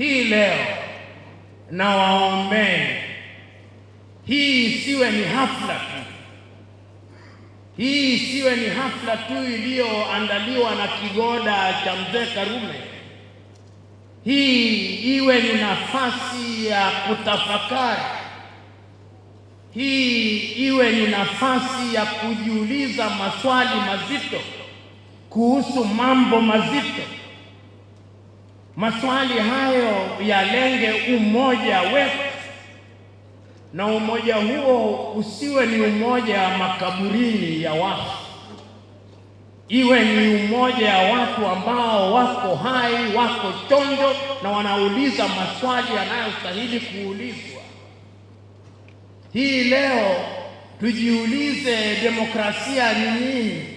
hii leo na hii isiwe ni hafla tu, hii isiwe ni hafla tu iliyoandaliwa na kigoda cha mzee Karume. Hii iwe ni nafasi ya kutafakari, hii iwe ni nafasi ya kujiuliza maswali mazito kuhusu mambo mazito. Maswali hayo yalenge umoja wetu, na umoja huo usiwe ni umoja wa makaburini ya wafu, iwe ni umoja wa watu ambao wako hai, wako chonjo na wanauliza maswali yanayostahili kuulizwa. Hii leo tujiulize, demokrasia ni nini?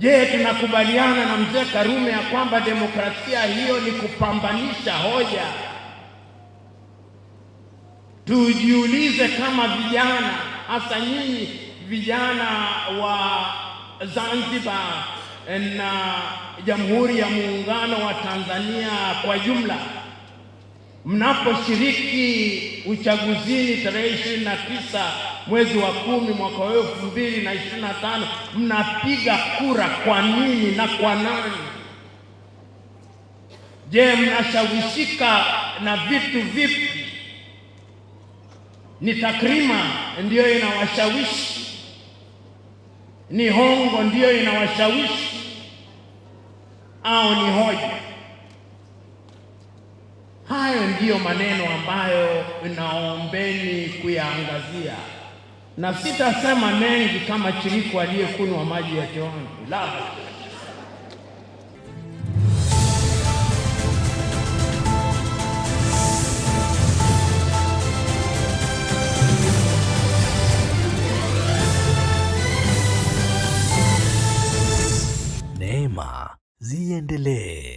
Je, tunakubaliana na mzee Karume ya kwamba demokrasia hiyo ni kupambanisha hoja? Tujiulize kama vijana, hasa nyinyi vijana wa Zanzibar na Jamhuri ya Muungano wa Tanzania kwa jumla mnaposhiriki uchaguzini tarehe 29 mwezi wa kumi mwaka wa elfu mbili na ishirini na tano mnapiga kura kwa nini na kwa nani? Je, mnashawishika na vitu vipi? Ni takrima ndiyo inawashawishi? Ni hongo ndiyo inawashawishi au ni hoja? ndiyo maneno ambayo naombeni kuyaangazia, na sitasema mengi kama chiriku aliyekunywa maji ya chooni la ziendelee.